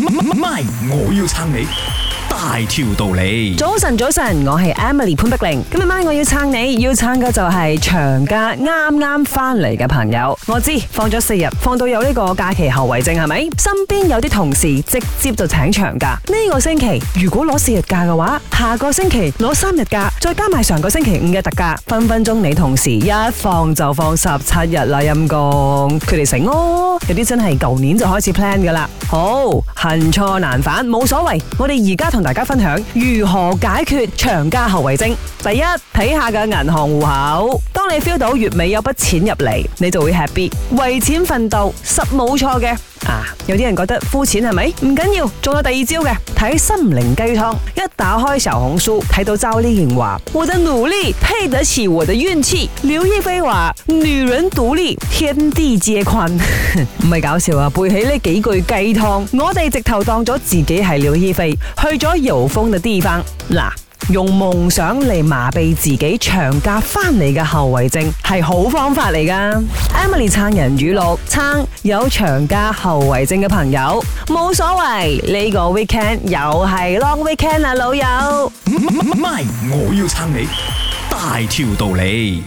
MY，我要撐你。大條道理，早晨早晨，我係 Emily 潘碧玲。今日晚我要撐你，要撐嘅就係長假啱啱翻嚟嘅朋友。我知放咗四日，放到有呢個假期後遺症係咪？身邊有啲同事直接就請長假。呢、這個星期如果攞四日假嘅話，下個星期攞三日假，再加埋上，上個星期五嘅特假，分分鐘你同事一放就放十七日啦！陰公，佢哋成哦，有啲真係舊年就開始 plan 噶啦。好，恨錯難返，冇所謂。我哋而家同大家分享如何解決長假後遺症。第一，睇下個銀行戶口。當你 feel 到月尾有筆錢入嚟，你就會 happy，為錢奮鬥實冇錯嘅。有啲人覺得膚淺係咪？唔緊要，仲有第二招嘅，睇心靈雞湯。一打開《小紅書》，睇到趙麗穎話：我的努力配得起我的運氣。劉亦菲話：女人獨立，天地皆寬。唔 係搞笑啊！背起呢幾句雞湯，我哋直頭當咗自己係劉亦菲，去咗有風嘅地方。嗱。用夢想嚟麻痹自己，長假翻嚟嘅後遺症係好方法嚟噶。Emily 撐人語錄，撐有長假後遺症嘅朋友冇所謂，呢個 weekend 又係 long weekend 啊，老友。MY，我要撐你，大條道理。